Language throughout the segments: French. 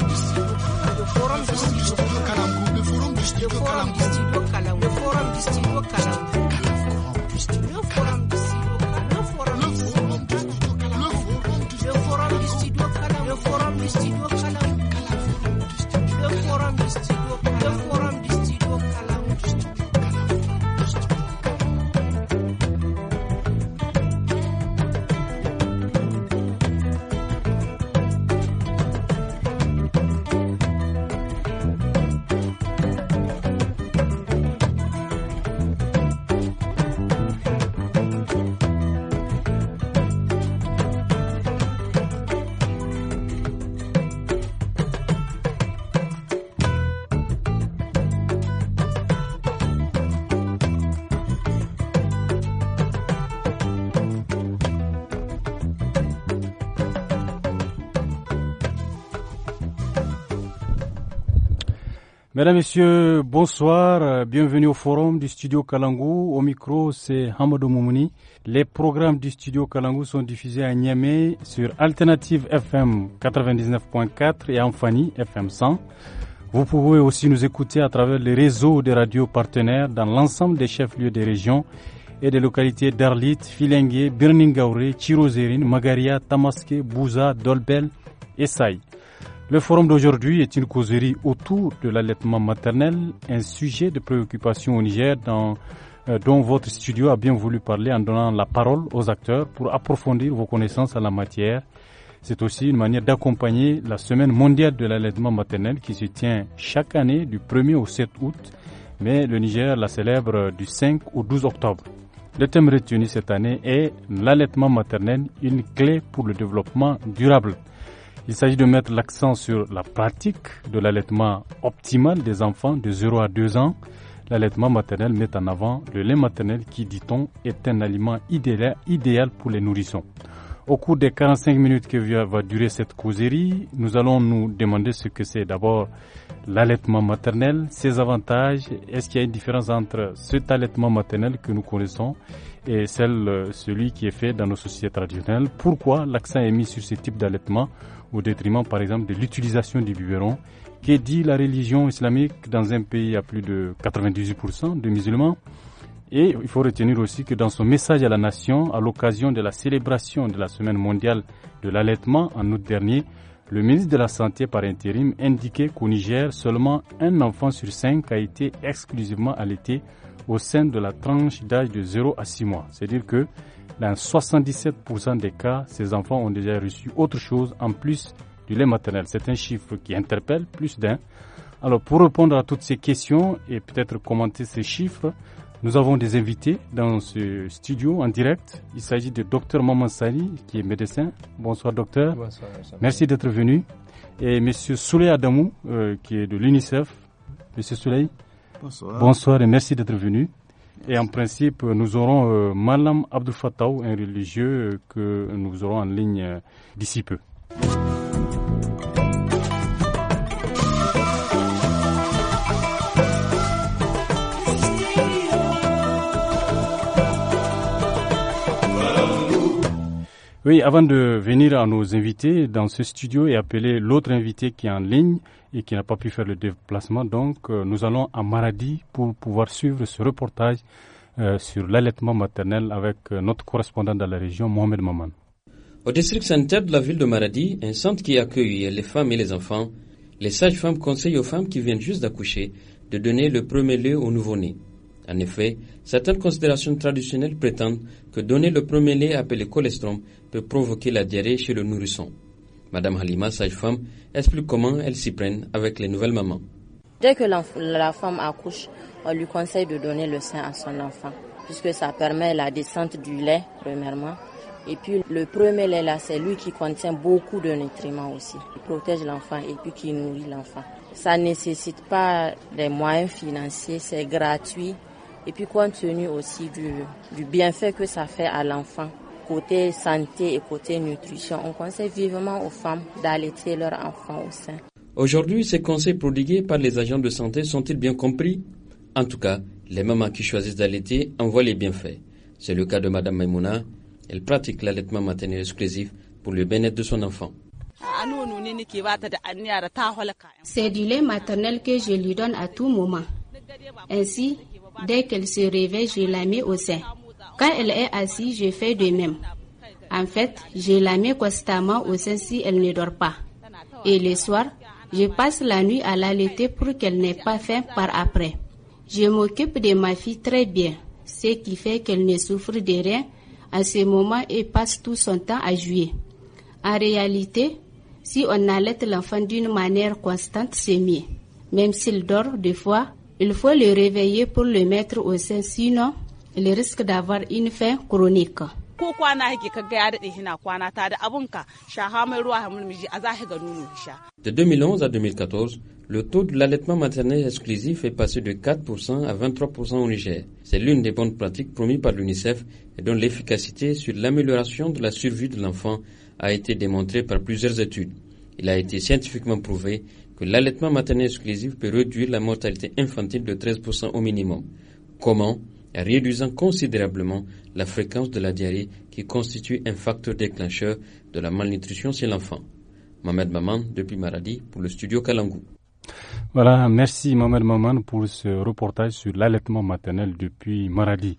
forum district the forum district the forum district kalam the forum Mesdames, Messieurs, bonsoir. Bienvenue au forum du studio Kalangou. Au micro, c'est Hamadou Moumouni. Les programmes du studio Kalangou sont diffusés à Niamey sur Alternative FM 99.4 et Amphani FM 100. Vous pouvez aussi nous écouter à travers les réseaux des radios partenaires dans l'ensemble des chefs-lieux des régions et des localités d'Arlit, Filengue, Birningaure, Chirozérine, Magaria, Tamaské, Bouza, Dolbel et Saï. Le forum d'aujourd'hui est une causerie autour de l'allaitement maternel, un sujet de préoccupation au Niger dans, euh, dont votre studio a bien voulu parler en donnant la parole aux acteurs pour approfondir vos connaissances à la matière. C'est aussi une manière d'accompagner la semaine mondiale de l'allaitement maternel qui se tient chaque année du 1er au 7 août, mais le Niger la célèbre du 5 au 12 octobre. Le thème retenu cette année est l'allaitement maternel, une clé pour le développement durable. Il s'agit de mettre l'accent sur la pratique de l'allaitement optimal des enfants de 0 à 2 ans. L'allaitement maternel met en avant le lait maternel qui, dit-on, est un aliment idéal pour les nourrissons. Au cours des 45 minutes que va durer cette causerie, nous allons nous demander ce que c'est d'abord l'allaitement maternel, ses avantages, est-ce qu'il y a une différence entre cet allaitement maternel que nous connaissons et celle, euh, celui qui est fait dans nos sociétés traditionnelles, pourquoi l'accent est mis sur ce type d'allaitement, au détriment par exemple de l'utilisation du biberon, qui dit la religion islamique dans un pays à plus de 98% de musulmans. Et il faut retenir aussi que dans son message à la nation, à l'occasion de la célébration de la Semaine mondiale de l'allaitement en août dernier, le ministre de la Santé par intérim indiquait qu'au Niger, seulement un enfant sur cinq a été exclusivement allaité au sein de la tranche d'âge de 0 à 6 mois. C'est-à-dire que dans 77% des cas, ces enfants ont déjà reçu autre chose en plus du lait maternel. C'est un chiffre qui interpelle plus d'un. Alors pour répondre à toutes ces questions et peut-être commenter ces chiffres, nous avons des invités dans ce studio en direct. Il s'agit de Dr Maman Sali, qui est médecin. Bonsoir docteur. Bonsoir. Merci d'être venu. Et M. Souley Adamou, euh, qui est de l'UNICEF. Monsieur Souley. Bonsoir. Bonsoir et merci d'être venu. Et en principe, nous aurons euh, Malam Abdou un religieux que nous aurons en ligne euh, d'ici peu. Oui, avant de venir à nos invités dans ce studio et appeler l'autre invité qui est en ligne et qui n'a pas pu faire le déplacement, donc euh, nous allons à Maradi pour pouvoir suivre ce reportage euh, sur l'allaitement maternel avec euh, notre correspondant dans la région, Mohamed Maman. Au district sanitaire de la ville de Maradi, un centre qui accueille les femmes et les enfants, les sages-femmes conseillent aux femmes qui viennent juste d'accoucher de donner le premier lieu au nouveau-né. En effet, certaines considérations traditionnelles prétendent que donner le premier lait appelé colostrum peut provoquer la diarrhée chez le nourrisson. Madame Halima, sage-femme, explique comment elle s'y prennent avec les nouvelles mamans. Dès que la femme accouche, on lui conseille de donner le sein à son enfant, puisque ça permet la descente du lait, premièrement. Et puis le premier lait, là, c'est lui qui contient beaucoup de nutriments aussi, Il protège l'enfant et puis qui nourrit l'enfant. Ça ne nécessite pas des moyens financiers, c'est gratuit et puis compte tenu aussi du, du bienfait que ça fait à l'enfant, côté santé et côté nutrition, on conseille vivement aux femmes d'allaiter leur enfant au sein. Aujourd'hui, ces conseils prodigués par les agents de santé sont-ils bien compris En tout cas, les mamans qui choisissent d'allaiter en voient les bienfaits. C'est le cas de Madame Maimouna. Elle pratique l'allaitement maternel exclusif pour le bien-être de son enfant. C'est du lait maternel que je lui donne à tout moment. Ainsi, Dès qu'elle se réveille, je la mets au sein. Quand elle est assise, je fais de même. En fait, je la mets constamment au sein si elle ne dort pas. Et le soir, je passe la nuit à l'allaiter pour qu'elle n'ait pas faim par après. Je m'occupe de ma fille très bien, ce qui fait qu'elle ne souffre de rien à ce moment et passe tout son temps à jouer. En réalité, si on allait l'enfant d'une manière constante, c'est mieux. Même s'il dort des fois, il faut le réveiller pour le mettre au sein, sinon il risque d'avoir une faim chronique. De 2011 à 2014, le taux de l'allaitement maternel exclusif est passé de 4% à 23% au Niger. C'est l'une des bonnes pratiques promises par l'UNICEF et dont l'efficacité sur l'amélioration de la survie de l'enfant a été démontrée par plusieurs études. Il a été scientifiquement prouvé l'allaitement maternel exclusif peut réduire la mortalité infantile de 13% au minimum. Comment en réduisant considérablement la fréquence de la diarrhée qui constitue un facteur déclencheur de la malnutrition chez l'enfant. Mohamed Maman, depuis Maradi, pour le studio Kalangou. Voilà, merci Mohamed Maman pour ce reportage sur l'allaitement maternel depuis Maradi.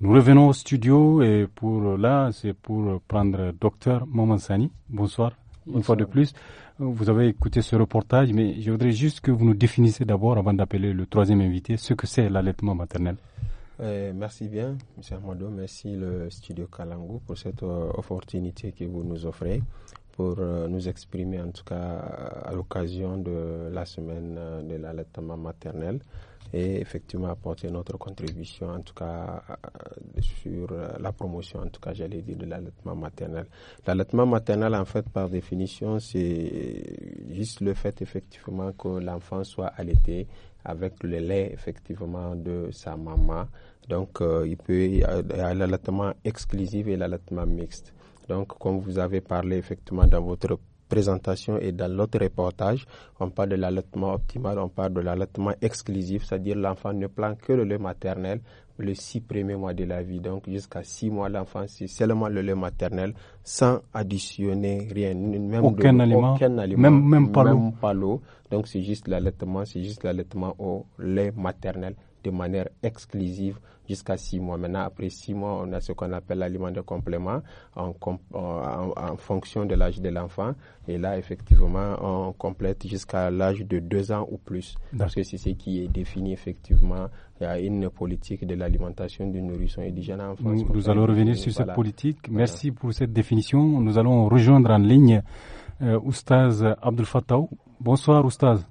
Nous revenons au studio et pour là, c'est pour prendre docteur Momansani. Sani. Bonsoir, une fois de plus. Vous avez écouté ce reportage, mais je voudrais juste que vous nous définissiez d'abord, avant d'appeler le troisième invité, ce que c'est l'allaitement maternel. Euh, merci bien, M. Amado. Merci le studio Kalangu pour cette euh, opportunité que vous nous offrez pour euh, nous exprimer en tout cas à l'occasion de la semaine de l'allaitement maternel et effectivement apporter notre contribution, en tout cas euh, sur euh, la promotion, en tout cas j'allais dire de l'allaitement maternel. L'allaitement maternel, en fait, par définition, c'est juste le fait effectivement que l'enfant soit allaité avec le lait effectivement de sa maman. Donc, euh, il peut y avoir l'allaitement exclusif et l'allaitement mixte. Donc, comme vous avez parlé effectivement dans votre présentation et dans l'autre reportage, on parle de l'allaitement optimal, on parle de l'allaitement exclusif, c'est-à-dire l'enfant ne prend que le lait maternel le six premiers mois de la vie. Donc jusqu'à six mois, l'enfant, c'est seulement le lait maternel, sans additionner rien, même aucun, même, pas l'eau. Donc c'est juste l'allaitement, c'est juste l'allaitement au lait maternel de manière exclusive jusqu'à six mois. Maintenant, après six mois, on a ce qu'on appelle l'aliment de complément en, en, fonction de l'âge de l'enfant. Et là, effectivement, on complète jusqu'à l'âge de deux ans ou plus. Parce que c'est ce qui est défini effectivement à une politique de l'alimentation du nourrisson et du jeune enfant. Nous, nous allons revenir sur cette politique. Merci pour cette définition. Nous allons rejoindre en ligne euh, Oustaz Abdel Fattah. Bonsoir Oustaz.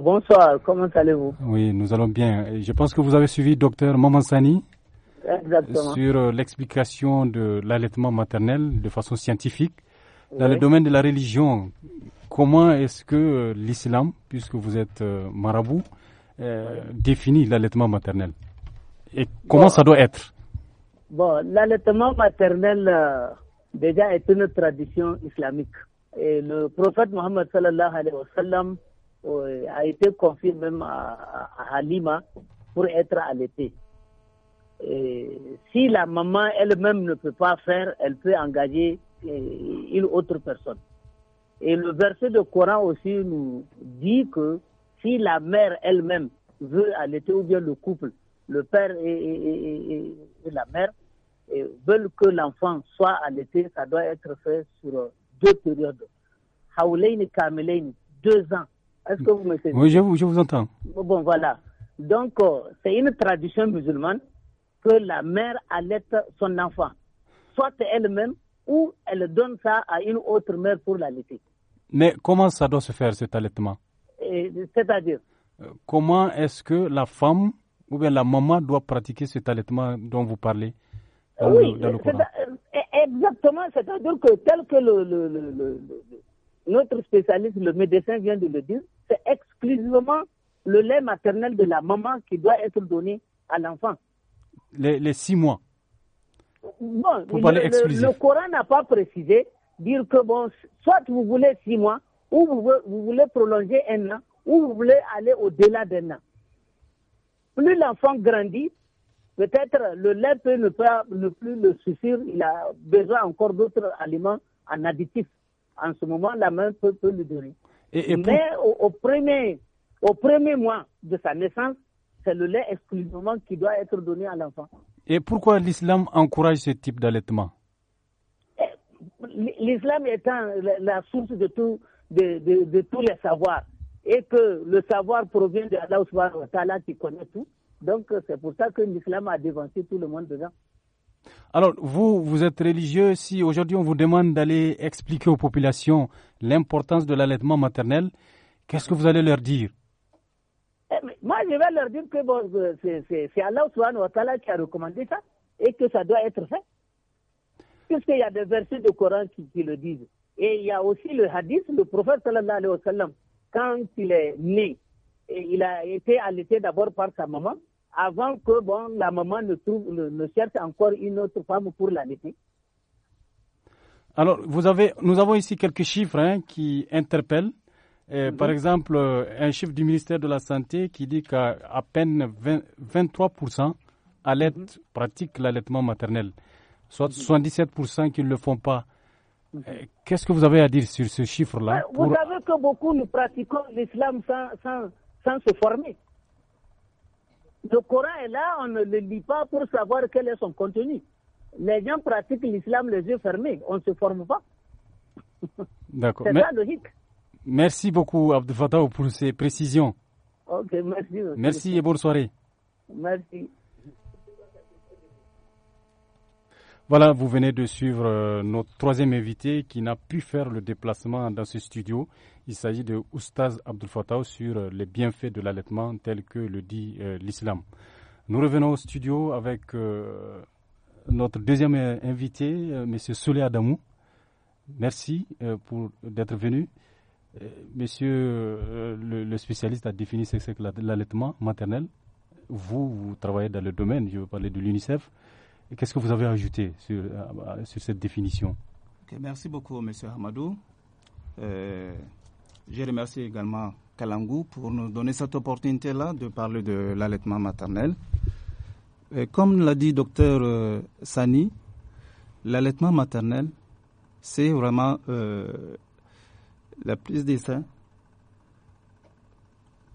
Bonsoir, comment allez-vous Oui, nous allons bien. Je pense que vous avez suivi docteur Mamansani sur euh, l'explication de l'allaitement maternel de façon scientifique. Dans le domaine de la religion, comment est-ce que euh, l'islam, puisque vous êtes euh, marabout, définit l'allaitement maternel Et comment ça doit être l'allaitement maternel, déjà, est une tradition islamique. Et le prophète Mohammed sallallahu alayhi wa sallam, euh, a été confié même à, Lima Halima pour être Et si la maman elle-même ne peut pas faire, elle peut engager euh, une autre personne. Et le verset de Coran aussi nous dit que si la mère elle-même veut allaiter ou bien le couple, le père et, la mère veulent que l'enfant soit allaité, ça doit être fait sur deux périodes. et Kamelein deux ans est-ce que vous Oui, je vous, entends. Bon, voilà. Donc, euh, c'est une tradition musulmane que la mère allaite son enfant, soit elle-même ou elle donne ça à une autre mère pour l'allaiter. Mais comment ça doit se faire cet allaitement C'est-à-dire euh, Comment est-ce que la femme ou bien la maman doit pratiquer cet allaitement dont vous parlez Oui, euh, e-, exactement. C'est-à-dire que tel que le, notre spécialiste, le médecin vient de le dire, c'est exclusivement le lait maternel de la maman qui doit être donné à l'enfant. Les, six mois. Bon, le, Coran n'a pas précisé dire que bon, soit vous voulez six mois, ou vous, voulez prolonger un an, ou vous voulez aller au-delà d'un an. Plus l'enfant grandit, peut-être le lait peut ne, pas, ne plus le suffire, il a besoin encore d'autres aliments en additif. En ce moment, la main peut le donner. Mais au, premier, au premier mois de sa naissance, c'est le lait exclusivement qui doit être donné à l'enfant. Et pourquoi l'islam encourage ce type d'allaitement eh, L'islam étant la source de, tout, de, tous les savoirs, et que le savoir provient de Allah qui connaît tout, donc c'est pour ça que l'islam a dévancé tout le monde dedans. Alors, vous, vous êtes religieux. Si aujourd'hui on vous demande d'aller expliquer aux populations l'importance de l'allaitement maternel, qu'est-ce que vous allez leur dire eh, Moi, je vais leur dire que euh, c'est Allah qui a recommandé ça et que ça doit être fait. qu'il y a des versets du Coran qui, le disent. Et il y a aussi le hadith, le prophète sallallahu alayhi wa sallam, quand il est né, il a été allaité d'abord par sa maman, avant que bon, la maman ne, trouve, ne, cherche encore une autre femme pour l'allaiter Alors, vous avez, nous avons ici quelques chiffres hein, qui interpellent. Mhm. Par exemple, un chiffre du ministère de la Santé qui dit qu'à peine 23% allaitent, mhm. pratiquent l'allaitement maternel, soit 77% mhm. qui ne le font pas. Euh, qu'est-ce que vous avez à dire sur ce chiffre-là Vous savez que beaucoup nous pratiquons l'islam sans, sans, sans se former. Le Coran est là, on ne le lit pas pour savoir quel est son contenu. Les gens pratiquent l'islam les yeux fermés, on ne se forme pas. D'accord. Merci beaucoup, Abdel Fattah, pour ces précisions. Ok, merci. Merci et bonne soirée. Merci. Voilà, vous venez de suivre euh, notre troisième invité qui n'a pu faire le déplacement dans ce studio. Il s'agit de Oustaz Abdel Fattah sur euh, les bienfaits de l'allaitement tel que le dit euh, l'islam. Nous revenons au studio avec euh, notre deuxième invité, M. Adamou. Merci pour d'être venu. Monsieur le, spécialiste a défini ce que l'allaitement maternel. Vous, vous travaillez dans le domaine, je veux parler de l'UNICEF. Qu'est-ce que vous avez ajouté sur, cette définition Merci beaucoup, Monsieur Hamadou. Je remercie également Kalangu pour nous donner cette opportunité-là de parler de l'allaitement maternel. comme l'a dit docteur euh, Sani, l'allaitement maternel, c'est vraiment euh, la prise des seins,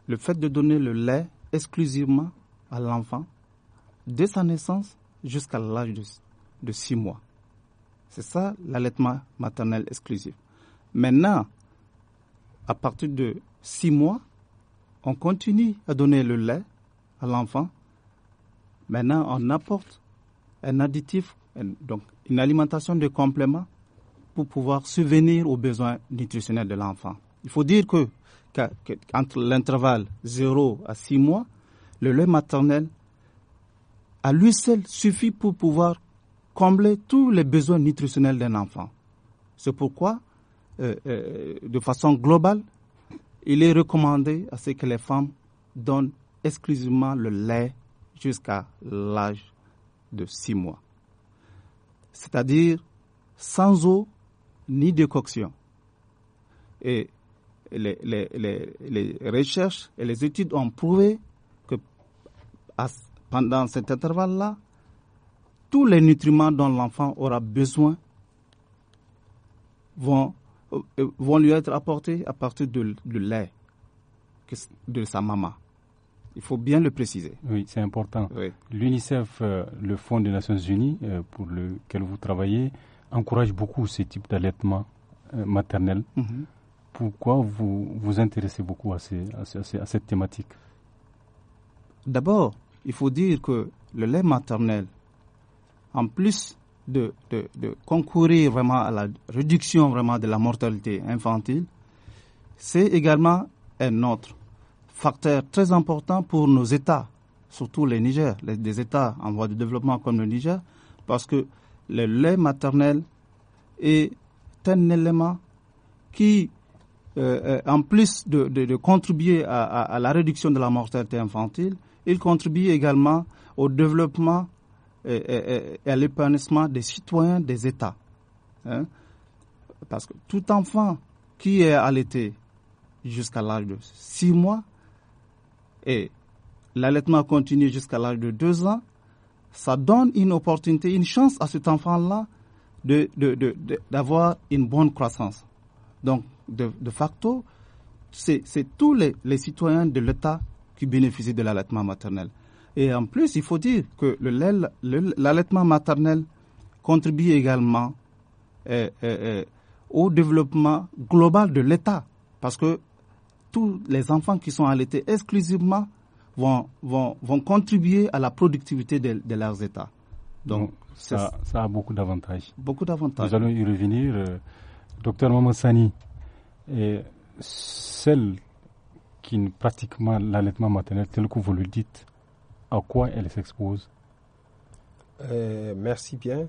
le fait de donner le lait exclusivement à l'enfant dès sa naissance jusqu'à l'âge de, de, six mois. C'est ça l'allaitement maternel exclusif. Maintenant, à partir de six mois, on continue à donner le lait à l'enfant. Maintenant, on apporte un additif, donc une alimentation de complément pour pouvoir subvenir aux besoins nutritionnels de l'enfant. Il faut dire que, entre l'intervalle 0 à six mois, le lait maternel à lui seul suffit pour pouvoir combler tous les besoins nutritionnels d'un enfant. C'est pourquoi euh, euh, de façon globale, il est recommandé à ce que les femmes donnent exclusivement le lait jusqu'à l'âge de 6 mois. C'est-à-dire sans eau ni décoction. Et les, les, recherches et les études ont prouvé que pendant cet intervalle-là, tous les nutriments dont l'enfant aura besoin vont euh, euh, vont lui être apportés à partir de, de lait de sa maman. Il faut bien le préciser. Oui, c'est important. L'UNICEF, euh, le Fonds des Nations Unies pour lequel vous travaillez, encourage beaucoup ce type d'allaitement maternel. Mhm. Pourquoi vous vous intéressez beaucoup à, à cette thématique D'abord, il faut dire que le lait maternel, en plus de, concourir vraiment à la réduction vraiment de la mortalité infantile, c'est également un autre facteur très important pour nos États, surtout les Niger, des États en voie de développement comme le Niger, parce que le lait maternel est un élément qui, euh, euh, en plus de, contribuer à la réduction de la mortalité infantile, il contribue également au développement et, à l'épanouissement des citoyens des États. Hein. Parce que tout enfant qui est allaité jusqu'à l'âge de 6 mois et l'allaitement continue jusqu'à l'âge de 2 ans, ça donne une opportunité, une chance à cet enfant-là d'avoir de, de, une bonne croissance. Donc, de, facto, c'est tous les citoyens de l'État qui bénéficient de l'allaitement maternel. Et en plus, il faut dire que l'allaitement maternel contribue également euh, euh, euh, au développement global de l'État. Parce que tous les enfants qui sont allaités exclusivement vont, vont, contribuer à la productivité de, leurs États. Donc, ça, a beaucoup d'avantages. Beaucoup d'avantages. Nous allons y revenir. docteur Mamassani, et celle qui pratiquement l'allaitement maternel tel que vous le dites, à quoi elle s'expose euh, Merci bien.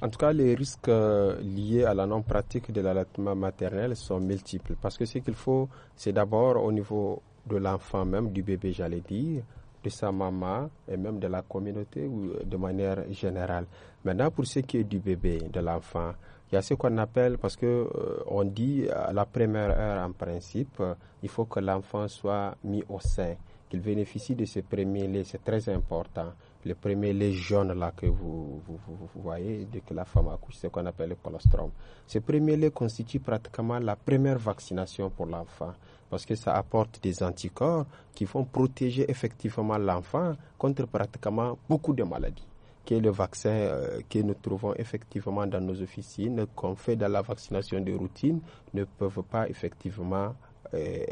En tout cas, les risques euh, liés à la non-pratique de l'allaitement maternel sont multiples. Parce que ce qu'il faut, c'est d'abord au niveau de l'enfant même, du bébé, j'allais dire, de sa maman et même de la communauté ou euh, de manière générale. Maintenant, pour ce qui est du bébé, de l'enfant, il y a ce qu'on appelle, parce que on dit à la première heure en principe, il faut que l'enfant soit mis au sein qu'il bénéficient de ces premiers laits, c'est très important. Le premier lait jaune là que vous, vous, voyez dès que la femme accouche, c'est ce qu'on appelle le colostrum. Ce premier lait constitue pratiquement la première vaccination pour l'enfant parce que ça apporte des anticorps qui vont protéger effectivement l'enfant contre pratiquement beaucoup de maladies qui le vaccin euh, que nous trouvons effectivement dans nos officines, qu'on fait dans la vaccination de routine, ne peuvent pas effectivement, euh,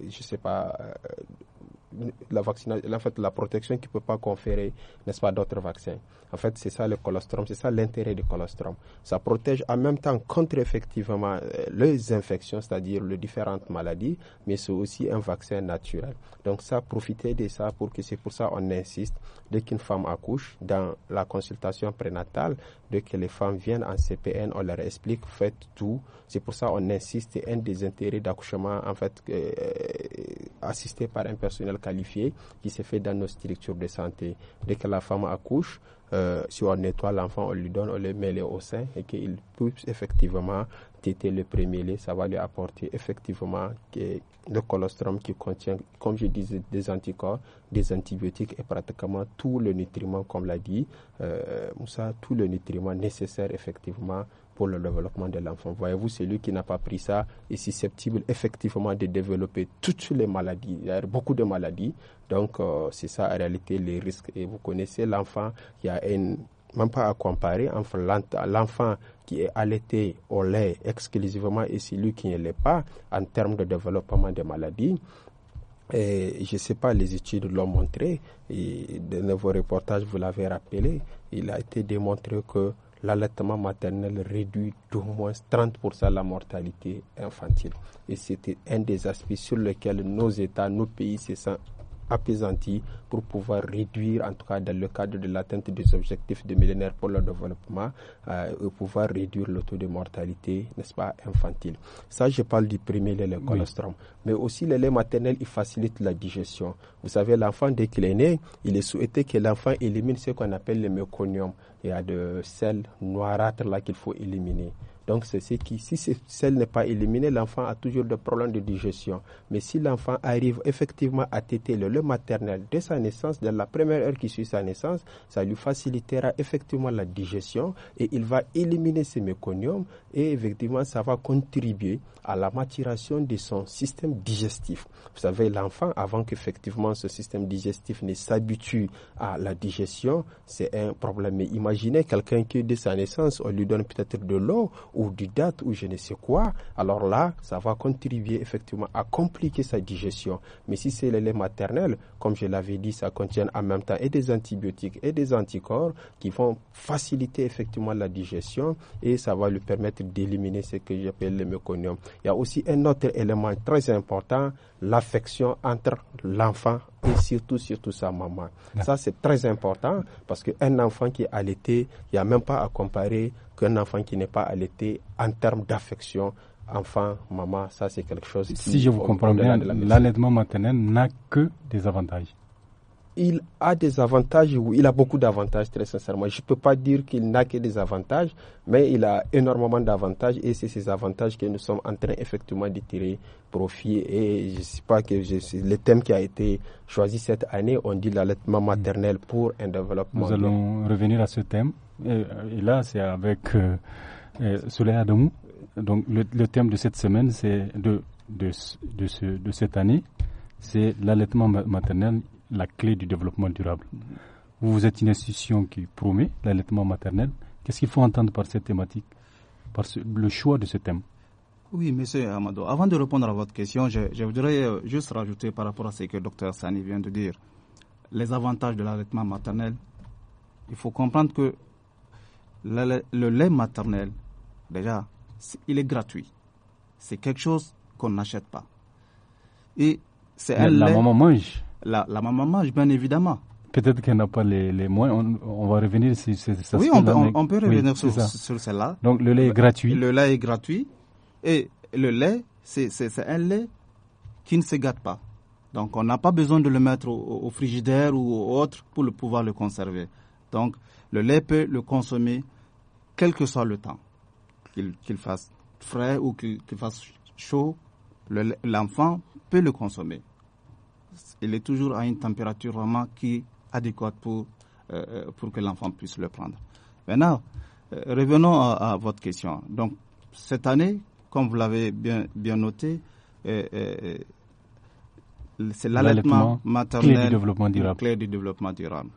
je ne sais pas, euh, la vaccination, en fait, la protection qui ne peut pas conférer, n'est-ce pas, d'autres vaccins. En fait, c'est ça le colostrum, c'est ça l'intérêt du colostrum. Ça protège en même temps contre effectivement euh, les infections, c'est-à-dire les différentes maladies, mais c'est aussi un vaccin naturel. Donc ça, profiter de ça pour que c'est pour ça on insiste dès qu'une femme accouche dans la consultation prénatale, dès que les femmes viennent en CPN, on leur explique faites tout. C'est pour ça on insiste. Un des intérêts d'accouchement en fait euh, assisté par un personnel qualifié qui se fait dans nos structures de santé. Dès que la femme accouche, euh, si on nettoie l'enfant, on lui donne, on le met au sein et qu'il puisse effectivement téter le premier lait. Ça va lui apporter effectivement que euh, le colostrum qui contient, comme je disais, des anticorps, des antibiotiques et pratiquement tout le nutriment, comme l'a dit euh, Moussa, tout le nutriment nécessaire effectivement pour le développement de l'enfant. Voyez-vous, celui qui n'a pas pris ça est susceptible effectivement de développer toutes les maladies, beaucoup de maladies. Donc, euh, c'est ça en réalité les risques. Et vous connaissez l'enfant, il y a une, même pas à comparer entre l'enfant qui est allaité au lait exclusivement et celui qui ne l'est pas en termes de développement des maladies. Et je ne sais pas, les études l'ont montré, et de vos reportages, vous l'avez rappelé, il a été démontré que l'allaitement maternel réduit d'au moins 30% la mortalité infantile. Et c'était un des aspects sur lesquels nos États, nos pays se sont Apaisantie pour pouvoir réduire, en tout cas dans le cadre de l'atteinte des objectifs de millénaire pour le développement, euh, pouvoir réduire le taux de mortalité, n'est-ce pas, infantile. Ça, je parle du premier lait, le colostrum. Mais aussi, le lait maternel, il facilite la digestion. Vous savez, l'enfant, dès qu'il est né, il est souhaité que l'enfant élimine ce qu'on appelle le meconium. Il y a de sel noirâtre là qu'il faut éliminer. Donc c'est ce qui, si celle n'est pas éliminée, l'enfant a toujours des problèmes de digestion. Mais si l'enfant arrive effectivement à téter le lait maternel dès sa naissance, dès la première heure qui suit sa naissance, ça lui facilitera effectivement la digestion et il va éliminer ses méconiums, et effectivement, ça va contribuer à la maturation de son système digestif. Vous savez, l'enfant, avant qu'effectivement ce système digestif ne s'habitue à la digestion, c'est un problème. Mais imaginez quelqu'un qui, dès sa naissance, on lui donne peut-être de l'eau ou du date ou je ne sais quoi. Alors là, ça va contribuer effectivement à compliquer sa digestion. Mais si c'est le lait maternel, comme je l'avais dit, ça contient en même temps et des antibiotiques et des anticorps qui vont faciliter effectivement la digestion et ça va lui permettre d'éliminer ce que j'appelle le méconium. Il y a aussi un autre élément très important, l'affection entre l'enfant et surtout, surtout sa maman. Ça, c'est très important parce qu'un enfant qui est allaité, il n'y a même pas à comparer qu'un enfant qui n'est pas allaité en termes d'affection enfant, maman, ça c'est quelque chose. Qui si je vous comprends bien, l'allaitement maternel n'a que des avantages il a des avantages, oui, il a beaucoup d'avantages, très sincèrement. Je ne peux pas dire qu'il n'a que des avantages, mais il a énormément d'avantages et c'est ces avantages que nous sommes en train effectivement de tirer profit. Et je ne sais pas que le thème qui a été choisi cette année, on dit l'allaitement mm. maternel pour un développement. Nous allons revenir à ce thème. Euh, et, là, c'est avec euh, euh, Donc, le, thème de cette semaine, c'est de, de, de, ce, de cette année, c'est l'allaitement maternel la clé du développement durable. Vous êtes une institution qui promet l'allaitement maternel. Qu'est-ce qu'il faut entendre par cette thématique, par le choix de ce thème Oui, monsieur Amado, avant de répondre à votre question, je, voudrais euh, juste rajouter par rapport à ce que le docteur Sani vient de dire, les avantages de l'allaitement maternel. Il faut comprendre que le, lait maternel, déjà, il est gratuit. C'est quelque chose qu'on n'achète pas. Et c'est la, lait... maman mange la, la maman mange, bien évidemment. Peut-être qu'elle n'a pas les, les moyens. On, va revenir sur ça Oui, on peut, revenir sur, sur celle Donc le lait est gratuit. Le lait est gratuit. Et le lait, c'est un lait qui ne se gâte pas. Donc on n'a pas besoin de le mettre au, frigidaire ou autre pour pouvoir le conserver. Donc le lait peut le consommer quel que soit le temps, qu'il fasse frais ou qu'il fasse chaud, l'enfant peut le consommer il est toujours à une température vraiment qui est adéquate pour, euh, pour que l'enfant puisse le prendre. Maintenant, euh, revenons à, votre question. Donc, cette année, comme vous l'avez bien, bien noté, euh, c'est l'allaitement maternel clé du développement durable. Clé du développement durable.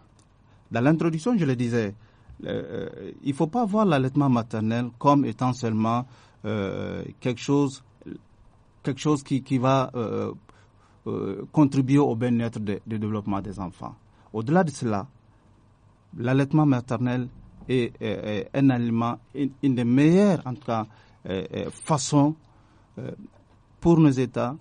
Dans l'introduction, je le disais, il ne faut pas voir l'allaitement maternel comme étant seulement quelque chose, quelque chose qui, qui va euh, contribuer au bien-être de, développement des enfants. Au-delà de cela, l'allaitement maternel est, un aliment, une, des meilleures en tout cas, euh, euh, façons pour nos États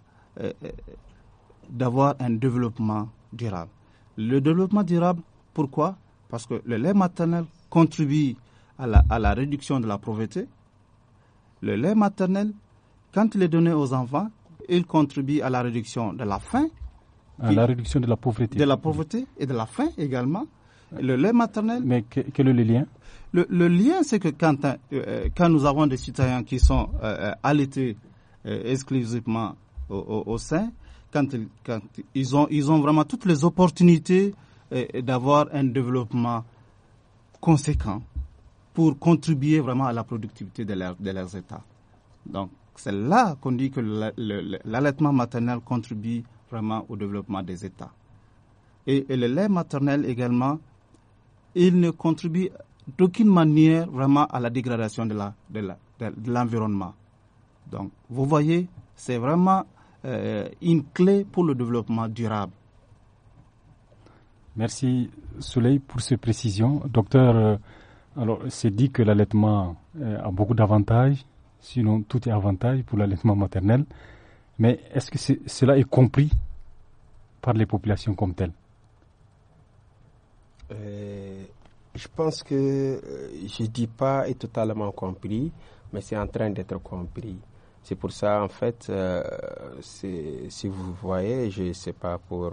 d'avoir un développement durable. Le développement durable, pourquoi Parce que le lait maternel contribue à la, à la réduction de la pauvreté. Le lait maternel, quand il est donné aux enfants, il contribue à la réduction de la faim. À la réduction de la pauvreté. De la pauvreté et de la faim également. Le lait maternel. Mais quel est le lien le, lien, c'est que quand, euh, quand nous avons des citoyens qui sont euh, euh, allaités exclusivement au, sein, quand, quand ils, ont, ils ont vraiment toutes les opportunités d'avoir un développement conséquent pour contribuer vraiment à la productivité de, leur, de leurs États. Donc, c'est là qu'on dit que l'allaitement maternel contribue vraiment au développement des États. Et, le lait maternel également, il ne contribue d'aucune manière vraiment à la dégradation de l'environnement. La, de Donc, vous voyez, c'est vraiment euh, une clé pour le développement durable. Merci Soleil pour ces précisions. Docteur, euh, alors c'est dit que l'allaitement euh, a beaucoup d'avantages, Sinon, tout est avantage pour l'allaitement maternel. Mais est-ce que cela est compris par les populations comme telles euh, Je pense que euh, je ne dis pas est totalement compris, mais c'est en train d'être compris. C'est pour ça, en fait, euh, si vous voyez, je ne sais pas pour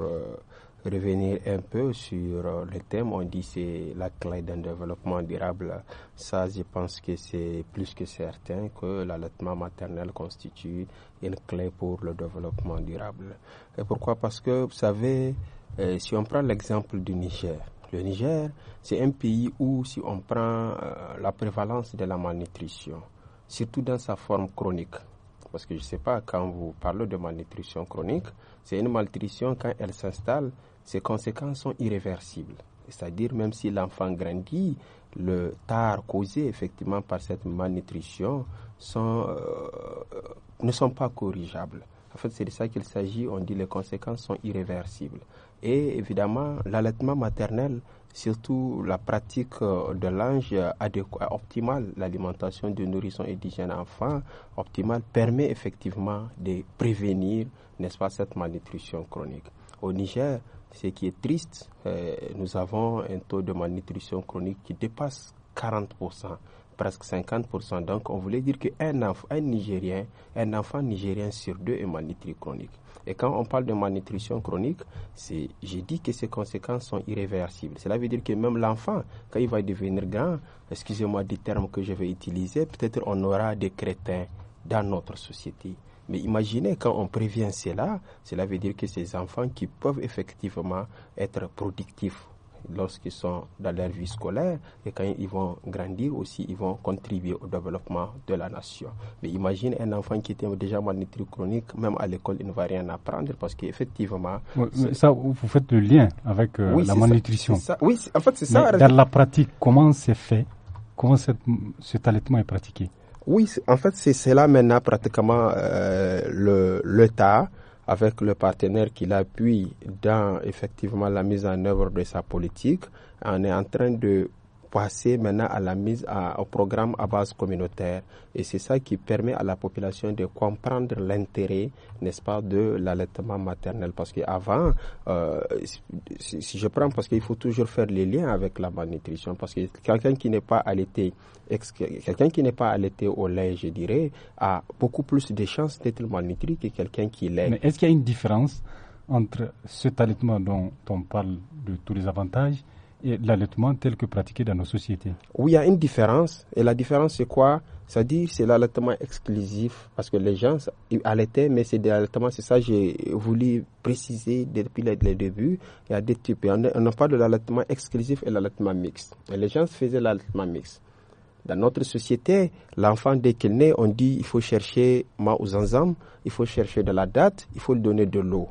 revenir un peu sur euh, le thème. On dit c'est la clé d'un développement durable. Ça, je pense que c'est plus que certain que l'allaitement maternel constitue une clé pour le développement durable. Et pourquoi Parce que, vous savez, euh, si on prend l'exemple du Niger, le Niger, c'est un pays où, si on prend euh, la prévalence de la malnutrition, surtout dans sa forme chronique, parce que je ne sais pas, quand vous parlez de malnutrition chronique, c'est une malnutrition quand elle s'installe, ces conséquences sont irréversibles. C'est-à-dire même si l'enfant grandit, le tard causé effectivement par cette malnutrition sont, euh, ne sont pas corrigeables. En fait, c'est de ça qu'il s'agit. On dit les conséquences sont irréversibles. Et évidemment, l'allaitement maternel, surtout la pratique euh, de l'ange euh, optimal, l'alimentation de nourrissons et d'hygiène enfant optimale, permet effectivement de prévenir, n'est-ce pas, cette malnutrition chronique. Au Niger, ce qui est triste, euh, nous avons un taux de malnutrition chronique qui dépasse 40%, presque 50%. Donc, on voulait dire qu'un enfant, un Nigérien, enfant nigérien sur deux est malnutri chronique. Et quand on parle de malnutrition chronique, j'ai dit que ses conséquences sont irréversibles. Cela veut dire que même l'enfant, quand il va devenir grand, excusez-moi des termes que je vais utiliser, peut-être on aura des crétins dans notre société. Mais imaginez quand on prévient cela, cela veut dire que ces enfants qui peuvent effectivement être productifs lorsqu'ils sont dans leur vie scolaire et quand ils vont grandir aussi, ils vont contribuer au développement de la nation. Mais imagine un enfant qui était déjà malnutri chronique, même à l'école, il ne va rien apprendre parce qu'effectivement... ça, vous faites le lien avec euh, la malnutrition. Oui, en fait, c'est ça. dans la pratique, comment c'est fait Comment ce cet allaitement est pratiqué oui, en fait, c'est cela maintenant pratiquement euh, le l'État avec le partenaire qui l'appuie dans effectivement la mise en œuvre de sa politique. On est en train de passer maintenant à la mise au programme à base communautaire. Et c'est ça qui permet à la population de comprendre l'intérêt, n'est-ce pas, de l'allaitement maternel. Parce qu'avant, euh, si, je prends, parce qu'il faut toujours faire les liens avec la malnutrition, parce que quelqu'un qui n'est pas allaité, quelqu'un qui n'est pas allaité au lait, je dirais, a beaucoup plus de chances d'être malnutri que quelqu'un qui l'est. Mais est-ce qu'il y a une différence entre cet allaitement dont on parle de tous les avantages et l'allaitement tel que pratiqué dans nos sociétés Oui, il y a une différence. Et la différence, c'est quoi cest dit dire c'est l'allaitement exclusif, parce que les gens allaitaient, mais c'est des allaitements, c'est ça que j'ai voulu préciser depuis le, début. Il y a des types. On, n'a parle de l'allaitement exclusif et l'allaitement mixte. Et les gens faisaient l'allaitement mixte. Dans notre société, l'enfant, dès qu'il naît, on dit il faut chercher ma il faut chercher de la date, il faut lui donner de l'eau.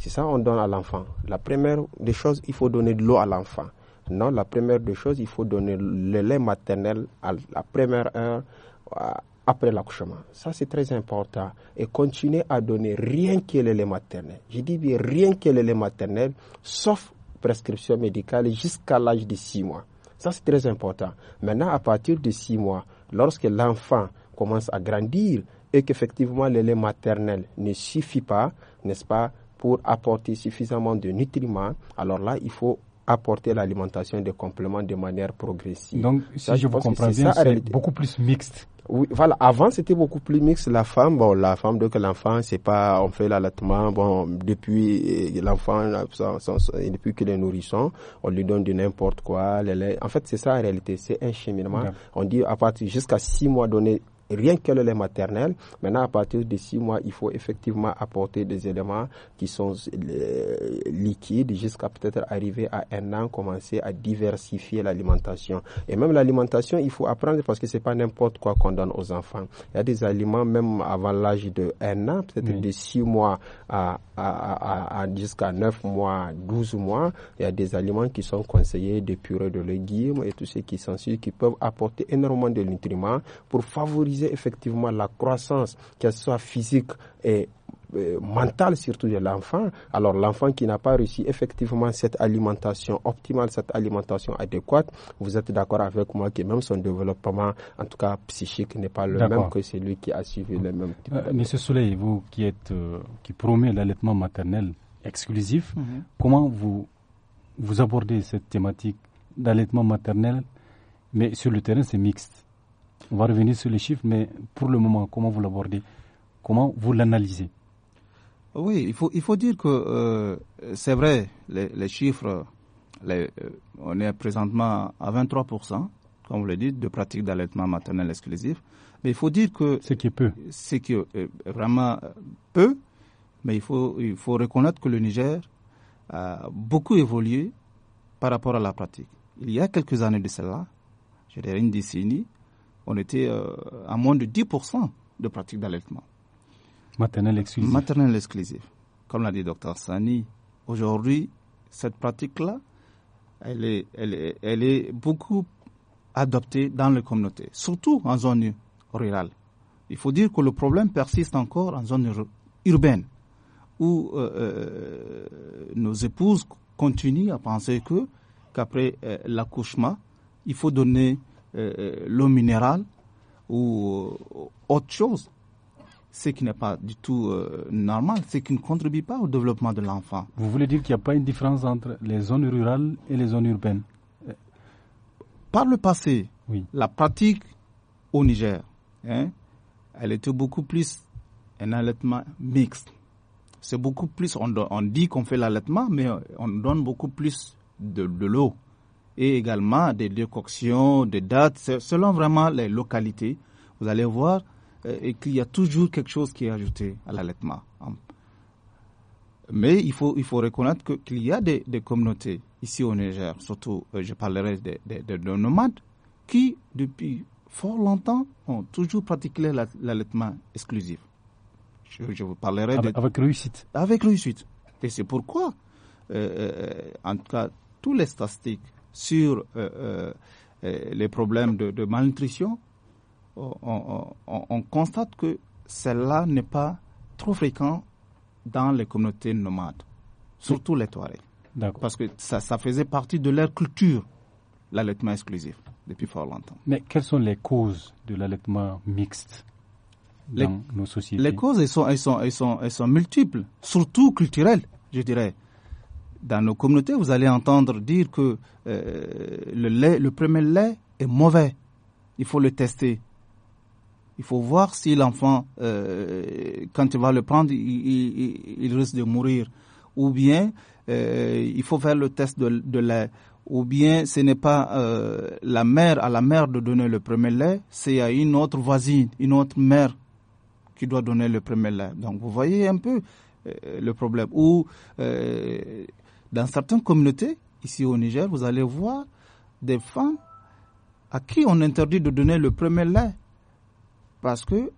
C'est ça, on donne à l'enfant. La première des choses, il faut donner de l'eau à l'enfant. Non, la première des choses, il faut donner le lait maternel à la première heure après l'accouchement. Ça, c'est très important. Et continuer à donner rien que le lait maternel. Je dis bien rien que le lait maternel, sauf prescription médicale jusqu'à l'âge de 6 mois. Ça, c'est très important. Maintenant, à partir de 6 mois, lorsque l'enfant commence à grandir et qu'effectivement le lait maternel ne suffit pas, n'est-ce pas, pour apporter suffisamment de nutriments, alors là, il faut apporter l'alimentation des compléments de manière progressive. Donc, si ça, je, vous comprends bien, c'est beaucoup plus mixte. Oui, voilà. Avant, c'était beaucoup plus mixte. La femme, bon, la femme, donc l'enfant, c'est pas, on fait l'allaitement, bon, depuis euh, l'enfant, euh, depuis qu'il est nourrisson, on lui donne de n'importe quoi. Les, les, en fait, c'est ça, en réalité. C'est un cheminement. On dit à partir jusqu'à six mois donné, rien que le lait maternel. Maintenant, à partir de six mois, il faut effectivement apporter des éléments qui sont euh, liquides jusqu'à peut-être arriver à un an, commencer à diversifier l'alimentation. Et même l'alimentation, il faut apprendre parce que c'est pas n'importe quoi qu'on donne aux enfants. Il y a des aliments même avant l'âge de un an, peut-être de six mois à à, jusqu'à 9 mois, 12 mois. Il y a des aliments qui sont conseillés, des purées de légumes et tout ce qui s'ensuit, qui peuvent apporter énormément de nutriments pour favoriser effectivement la croissance, qu'elle soit physique et euh, mental surtout de l'enfant. Alors l'enfant qui n'a pas réussi effectivement cette alimentation optimale, cette alimentation adéquate, vous êtes d'accord avec moi que même son développement, en tout cas psychique, n'est pas le même que celui qui a suivi le même. Euh, Monsieur Soleil, vous qui êtes euh, qui promet l'allaitement maternel exclusif, mhm. comment vous vous abordez cette thématique d'allaitement maternel, mais sur le terrain c'est mixte. On va revenir sur les chiffres, mais pour le moment, comment vous l'abordez Comment vous l'analysez oui, il faut, il faut dire que euh, c'est vrai, les, chiffres, les, euh, on est présentement à 23%, comme vous le dites, de pratiques d'allaitement maternel exclusif. Mais il faut dire que. Ce qui est peu. C'est qui euh, vraiment peu, mais il faut, il faut reconnaître que le Niger a beaucoup évolué par rapport à la pratique. Il y a quelques années de cela, je dirais une décennie, on était à moins de 10% de pratiques d'allaitement. Maternelle exclusive. Maternelle exclusive. Comme l'a dit docteur Sani, aujourd'hui, cette pratique-là, elle est, elle, est, beaucoup adoptée dans les communautés, surtout en zone rurale. Il faut dire que le problème persiste encore en zone urbaine, où euh, euh, nos épouses continuent à penser que qu'après euh, l'accouchement, il faut donner l'eau minérale ou autre chose ce qui n'est pas du tout euh, normal, ce qui ne contribue pas au développement de l'enfant. Vous voulez dire qu'il n'y a pas une différence entre les zones rurales et les zones urbaines euh, Par le passé, oui. la pratique au Niger, hein, elle était beaucoup plus un allaitement mixte. C'est beaucoup plus, on, dit qu'on fait l'allaitement, mais euh, on donne beaucoup plus de, de l'eau et également des décoctions, des dates, selon vraiment les localités. Vous allez voir, euh, et qu'il y a toujours quelque chose qui est ajouté à l'allaitement. Hein. Mais il faut, il faut reconnaître qu'il y a des, des, communautés ici au Niger, surtout euh, je parlerai des, des, nomades, qui depuis fort longtemps ont toujours pratiqué l'allaitement exclusif. Je, vous parlerai de, avec réussite. Avec réussite. Et c'est pourquoi, euh, en tout cas, tous les statistiques sur les problèmes de malnutrition on, constate que celle-là n'est pas trop fréquent dans les communautés nomades, surtout les Touaregs. Parce que ça, faisait partie de leur culture, l'allaitement exclusif, depuis fort longtemps. Mais quelles sont les causes de l'allaitement mixte dans nos sociétés Les causes, elles sont, elles sont, elles sont, multiples, surtout culturelles, je dirais dans nos communautés, vous allez entendre dire que euh, le, lait, le premier lait est mauvais. Il faut le tester il faut voir si l'enfant, euh, quand il va le prendre, il, risque de mourir. Ou bien, euh, il faut faire le test de, lait. Ou bien, ce n'est pas euh, la mère à la mère de donner le premier lait, c'est à une autre voisine, une autre mère qui doit donner le premier lait. Donc, vous voyez un peu le problème. Ou, dans certaines communautés, ici au Niger, vous allez voir des femmes à qui on interdit de donner le premier lait parce que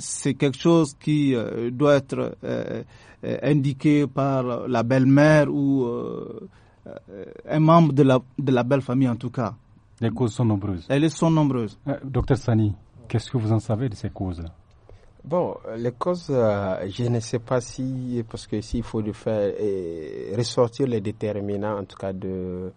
c'est quelque chose qui euh, doit être euh, euh, indiqué par la belle-mère ou un membre de la, belle-famille en tout cas. Les causes sont nombreuses. Elles sont nombreuses. docteur Sani, qu'est-ce que vous en savez de ces causes Bon, les causes, je ne sais pas si, parce que s'il faut le faire, ressortir les déterminants en tout cas de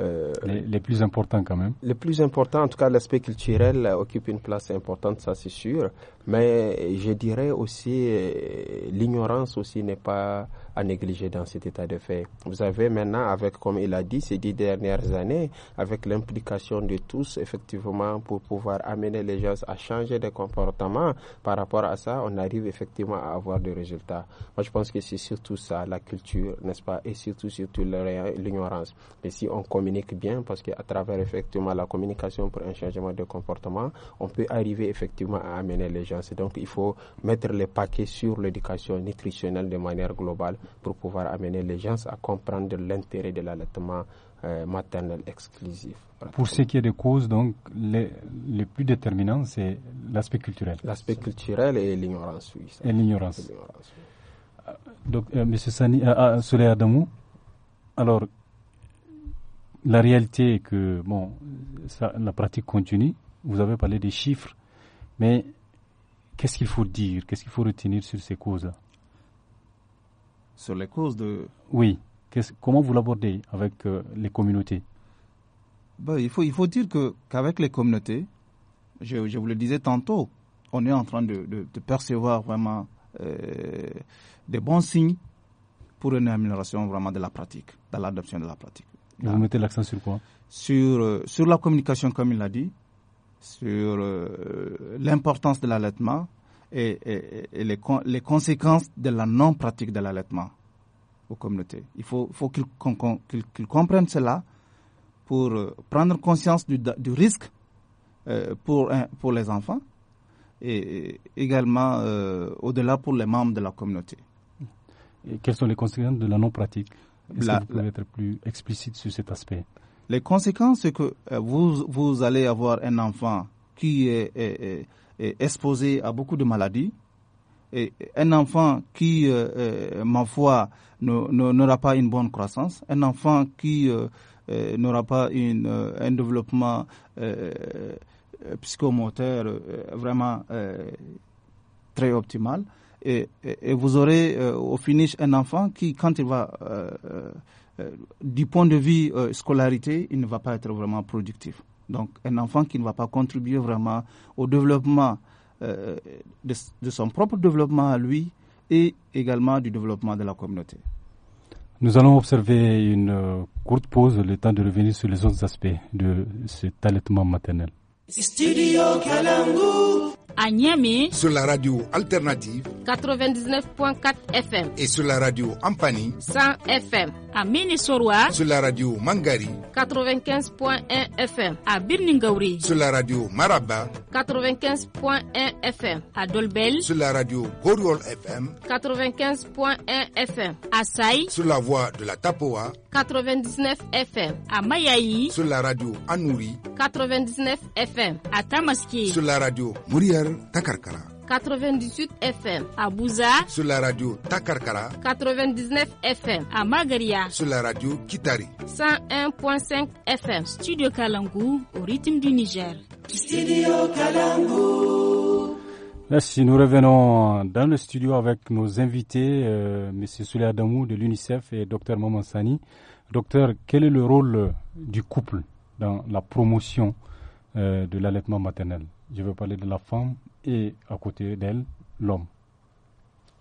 euh, les, plus importants quand même. Les plus importants, en tout cas l'aspect culturel euh, occupe une place importante, ça c'est sûr. Mais je dirais aussi euh, l'ignorance aussi n'est pas à négliger dans cet état de fait. Vous avez maintenant, avec comme il a dit, ces dix dernières années, avec l'implication de tous, effectivement, pour pouvoir amener les gens à changer de comportement par rapport à ça, on arrive effectivement à avoir des résultats. Moi, je pense que c'est surtout ça, la culture, n'est-ce pas, et surtout, surtout l'ignorance. Mais si on communique bien parce qu'à travers effectivement la communication pour un changement de comportement, on peut arriver effectivement à amener les gens. Donc il faut mettre les paquets sur l'éducation nutritionnelle de manière globale pour pouvoir amener les gens à comprendre l'intérêt de l'allaitement euh, maternel exclusif. Pour ce qui est des causes, donc, les, les plus déterminants, c'est l'aspect culturel. L'aspect culturel et l'ignorance, oui. Et l'ignorance. Euh, donc, euh, M. Sani, euh, Soleil Adamou, alors, la réalité est que bon, la pratique continue. Vous avez parlé des chiffres, mais qu'est-ce qu'il faut dire, qu'est-ce qu'il faut retenir sur ces causes-là Sur les causes de. Oui. Comment vous l'abordez avec euh, les communautés bah, il, faut, il faut dire qu'avec les communautés, je, vous le disais tantôt, on est en train de, percevoir vraiment euh, des bons signes pour une amélioration vraiment de la pratique, de l'adoption de la pratique. Vous mettez l'accent sur quoi sur, euh, sur la communication, comme il l'a dit, sur euh, l'importance de l'allaitement et, les, conséquences de la non-pratique de l'allaitement aux communautés. Il faut, qu'ils comprennent cela pour euh, prendre conscience du, risque pour, pour les enfants et également au-delà pour les membres de la communauté. Et quelles sont les conséquences de la non-pratique est vous pouvez être plus explicite sur cet aspect Les conséquences, c'est que euh, vous, allez avoir un enfant qui est, exposé à beaucoup de maladies. un enfant qui, euh, euh, ma foi, n'aura pas une bonne croissance, un enfant qui n'aura pas un développement psychomoteur vraiment très optimal, et, vous aurez euh, au finish un enfant qui, quand il va, euh, euh, du point de vue scolarité, il ne va pas être vraiment productif. Donc un enfant qui ne va pas contribuer vraiment au développement de, son propre développement à lui et également du développement de la communauté. Nous allons observer une courte pause, le temps de revenir sur les autres aspects de cet allaitement maternel à Niami sur la radio alternative 99.4 FM et sur la radio Ampani 100 FM à Minisoroa, sur la radio Mangari 95.1 FM à Birningauri sur la radio Maraba 95.1 FM à Dolbel sur la radio Goriol FM 95.1 FM à Saï sur la voie de la Tapoa 99 FM à Mayaï sur la radio Anouri 99 FM à Tamaski sur la radio Muria. 98 FM à Bouza sur la radio Takarkara 99 FM à Magaria sur la radio Kitari 101.5 FM Studio Kalangou au rythme du Niger Studio Kalangu Merci, nous revenons dans le studio avec nos invités, euh, M. Souley Adamou de l'UNICEF et Dr Sani Docteur, quel est le rôle du couple dans la promotion euh, de l'allaitement maternel je veux parler de la femme et à côté d'elle, l'homme.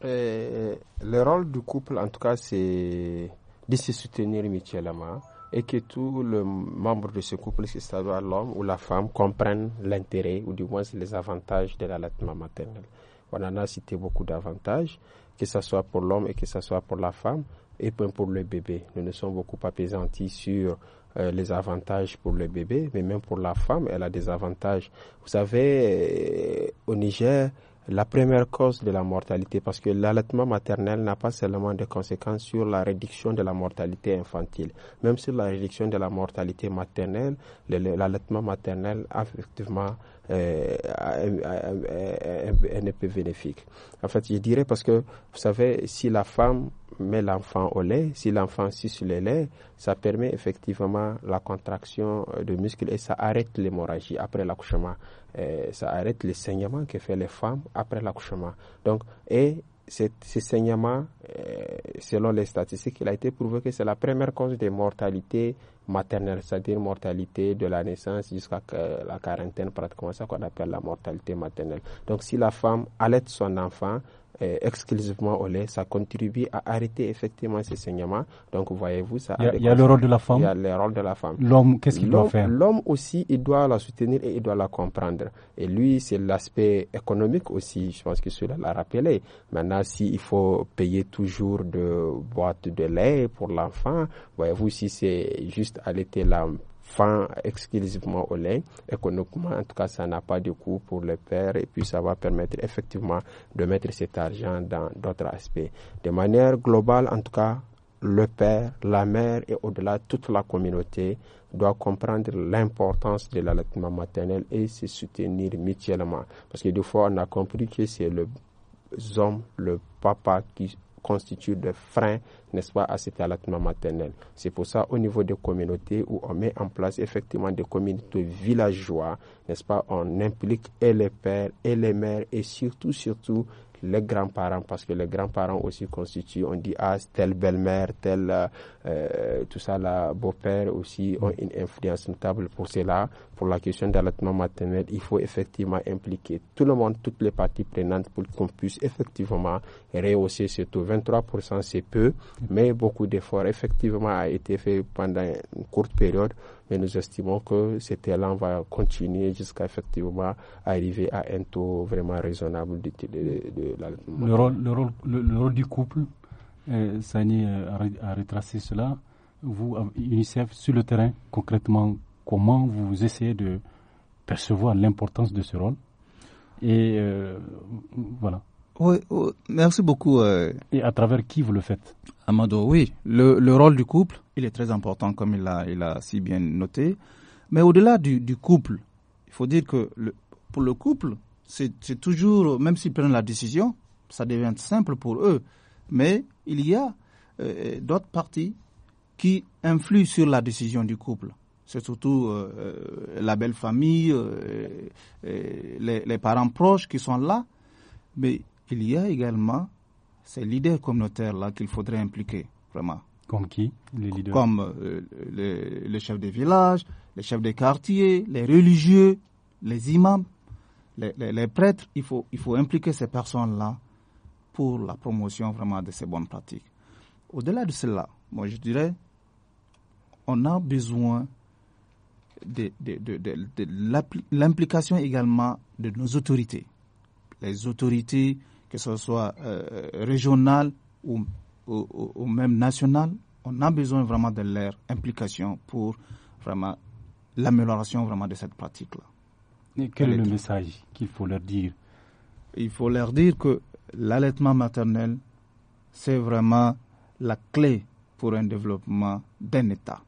Euh, le rôle du couple, en tout cas, c'est de se soutenir mutuellement et que tous les membres de ce couple, que ce soit l'homme ou la femme, comprennent l'intérêt ou du moins les avantages de l'allaitement maternel. On en a cité beaucoup d'avantages, que ce soit pour l'homme et que ce soit pour la femme, et pour le bébé. Nous ne sommes beaucoup pas pesantis sur euh, les avantages pour le bébé, mais même pour la femme, elle a des avantages. Vous savez, euh, au Niger, la première cause de la mortalité parce que l'allaitement maternel n'a pas seulement des conséquences sur la réduction de la mortalité infantile. Même sur la réduction de la mortalité maternelle, l'allaitement maternel a effectivement euh, un, effet bénéfique. En fait, je dirais parce que, vous savez, si la femme met l'enfant au lait, si l'enfant suce le lait, ça permet effectivement la contraction euh, de muscles et ça arrête l'hémorragie après l'accouchement ça arrête les saignements que fait les femmes après l'accouchement. Donc, et ce saignement, euh, selon les statistiques, il a été prouvé que c'est la première cause de mortalité maternelle, c'est-à-dire mortalité de la naissance jusqu'à la quarantaine, pratiquement ça qu'on appelle la mortalité maternelle. Donc si la femme allait son enfant, euh, exclusivement au lait, ça contribue à arrêter effectivement ces saignements. Donc, voyez-vous, ça. Il y, a, y a le rôle de la femme. Il y a le rôle de la femme. L'homme, qu'est-ce qu'il doit faire L'homme aussi, il doit la soutenir et il doit la comprendre. Et lui, c'est l'aspect économique aussi. Je pense que cela l'a rappelé. Maintenant, s'il faut payer toujours de boîtes de lait pour l'enfant, voyez-vous, si c'est juste allaiter la fin exclusivement au lait économiquement en tout cas ça n'a pas de coût pour le père et puis ça va permettre effectivement de mettre cet argent dans d'autres aspects de manière globale en tout cas le père, la mère et au-delà toute la communauté doit comprendre l'importance de l'allaitement maternel et se soutenir mutuellement. Parce que des fois, on a compris que c'est le hommes, le papa qui constitue le frein n'est-ce pas, à cet allaitement maternel. C'est pour ça, au niveau des communautés où on met en place effectivement des communautés villageoises, n'est-ce pas, on implique et les pères et les mères et surtout, surtout les grands-parents, parce que les grands-parents aussi constituent, on dit, ah, telle belle-mère, telle, euh, euh tout ça, la beau-père aussi ont mm. une influence notable pour cela. Pour la question d'allaitement maternel, il faut effectivement impliquer tout le monde, toutes les parties prenantes pour qu'on puisse effectivement rehausser ce taux. 23%, c'est peu, mm. mais beaucoup d'efforts effectivement a été fait pendant une courte période mais nous estimons que cet élan va continuer jusqu'à effectivement arriver à un taux vraiment raisonnable de, de, Le rôle, le, rôle, le, rôle, du couple, ça euh, Sani euh, a, retracé cela. Vous, euh, UNICEF, sur le terrain, concrètement, comment vous essayez de percevoir l'importance de ce rôle Et voilà. Oui, merci beaucoup. Euh, Et à travers qui vous le faites Amado, oui. Le, le, rôle du couple, il est très important, comme il a, il a si bien noté. Mais au-delà du, du, couple, il faut dire que le, pour le couple, c'est toujours, même s'ils prennent la décision, ça devient simple pour eux. Mais il y a euh, d'autres parties qui influent sur la décision du couple c'est surtout euh, la belle famille, les, les, parents proches qui sont là. Mais il y a également ces leaders communautaires-là qu'il faudrait impliquer, vraiment. Comme qui les leaders Comme euh, les, chefs des villages, les chefs des quartiers, les religieux, les imams, les, prêtres. Il faut, il faut impliquer ces personnes-là pour la promotion vraiment de ces bonnes pratiques. Au-delà de cela, moi je dirais, on a besoin de, de l'implication également de nos autorités. Les autorités que ce soit euh, régional ou, même national, on a besoin vraiment de leur implication pour vraiment l'amélioration vraiment de cette pratique-là. Et quel est le message qu'il faut leur dire Il faut leur dire que l'allaitement maternel, c'est vraiment la clé pour un développement d'un État.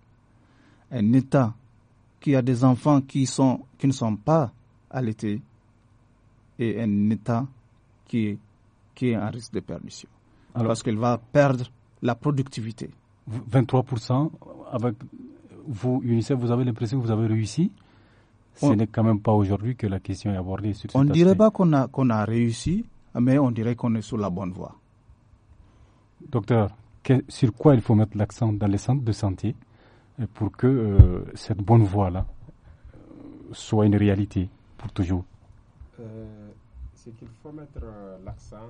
Un État qui a des enfants qui, sont, qui ne sont pas allaités et un État qui est qui est en risque de permission. parce qu'elle va perdre la productivité. 23% avec vous, UNICEF, vous avez l'impression que vous avez réussi Ce n'est quand même pas aujourd'hui que la question est abordée. on ne dirait pas qu'on a, qu'on a réussi, mais on dirait qu'on est sur la bonne voie. Docteur, sur quoi il faut mettre l'accent dans les centres de santé pour que euh, cette bonne voie-là euh, soit une réalité pour toujours euh, c'est qu'il faut mettre euh, l'accent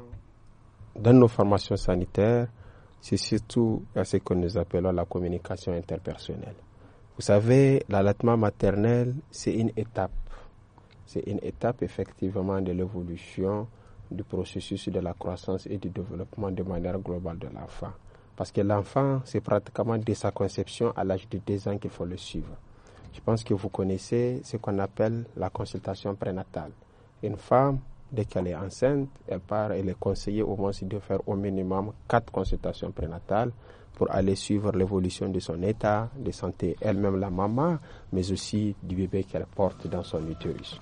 dans nos formations sanitaires, c'est surtout à ce que nous appelons la communication interpersonnelle. Vous savez, l'allaitement maternel, c'est une étape. C'est une étape effectivement de l'évolution du processus de la croissance et du développement de manière globale de l'enfant. Parce que l'enfant, c'est pratiquement dès sa conception à l'âge de 2 ans qu'il faut le suivre. Je pense que vous connaissez ce qu'on appelle la consultation prénatale. Une femme dès qu'elle est enceinte, elle part, elle est conseillée au moins de faire au minimum quatre consultations prénatales pour aller suivre l'évolution de son état de santé, elle-même la maman, mais aussi du bébé qu'elle porte dans son utérus.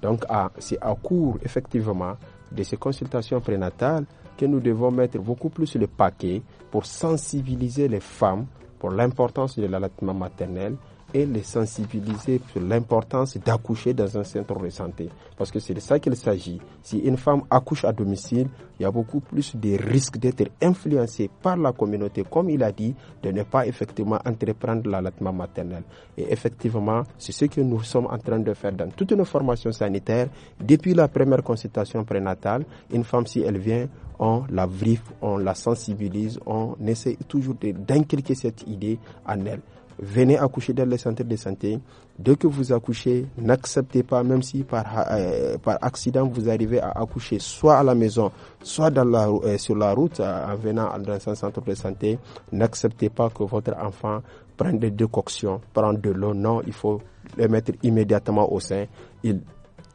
Donc ah, c'est à cours effectivement de ces consultations prénatales que nous devons mettre beaucoup plus le paquet pour sensibiliser les femmes pour l'importance de l'allaitement maternel et les sensibiliser sur l'importance d'accoucher dans un centre de santé. Parce que c'est de ça qu'il s'agit. Si une femme accouche à domicile, il y a beaucoup plus de risques d'être influencée par la communauté, comme il a dit, de ne pas effectivement entreprendre l'allaitement maternel. Et effectivement, c'est ce que nous sommes en train de faire dans toutes nos formations sanitaires. Depuis la première consultation prénatale, une femme, si elle vient, on la vrifle on la sensibilise, on essaie toujours d'inculquer cette idée en elle venez accoucher dans le centre de santé. Dès que vous accouchez, n'acceptez pas, même si par, euh, accident vous arrivez à accoucher soit à la maison, soit la, euh, sur la route euh, en venant dans un centre de santé, n'acceptez pas que votre enfant prenne des décoctions, prenne de l'eau. Non, il faut le mettre immédiatement au sein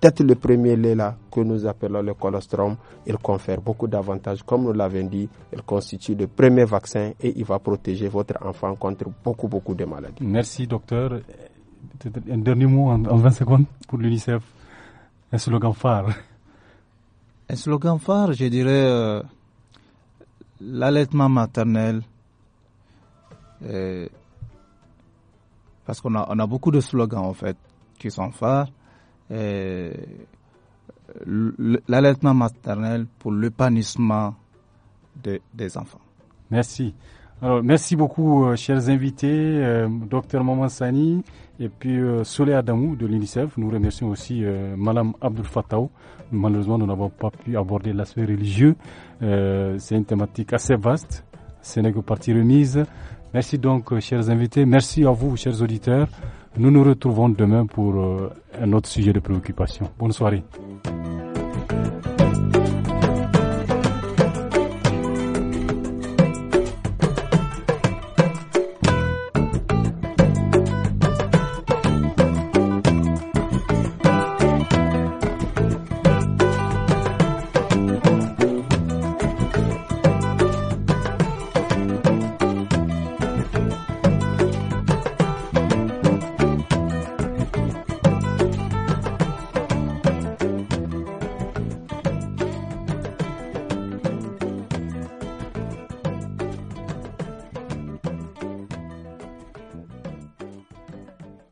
peut-être le premier lait là que nous appelons le colostrum. Il confère beaucoup d'avantages. Comme nous l'avons dit, il constitue le premier vaccin et il va protéger votre enfant contre beaucoup, beaucoup de maladies. Merci, docteur. Un dernier mot en, 20 secondes pour l'UNICEF. Un slogan phare. Un slogan phare, je dirais euh, l'allaitement maternel. Euh, parce qu'on a beaucoup de slogans en fait qui sont phares. Euh, l'allaitement maternel pour l'épanouissement des enfants. Merci. Alors, merci beaucoup, euh, chers invités, euh, docteur Maman Sani et puis Soleil Adamou de l'UNICEF. Nous remercions aussi Madame Abdul Fattah. Malheureusement, nous n'avons pas pu aborder l'aspect religieux. C'est une thématique assez vaste. Ce n'est que partie remise. Merci donc, chers invités. Merci à vous, chers auditeurs. Nous nous retrouvons demain pour euh, un autre sujet de préoccupation. Bonne soirée.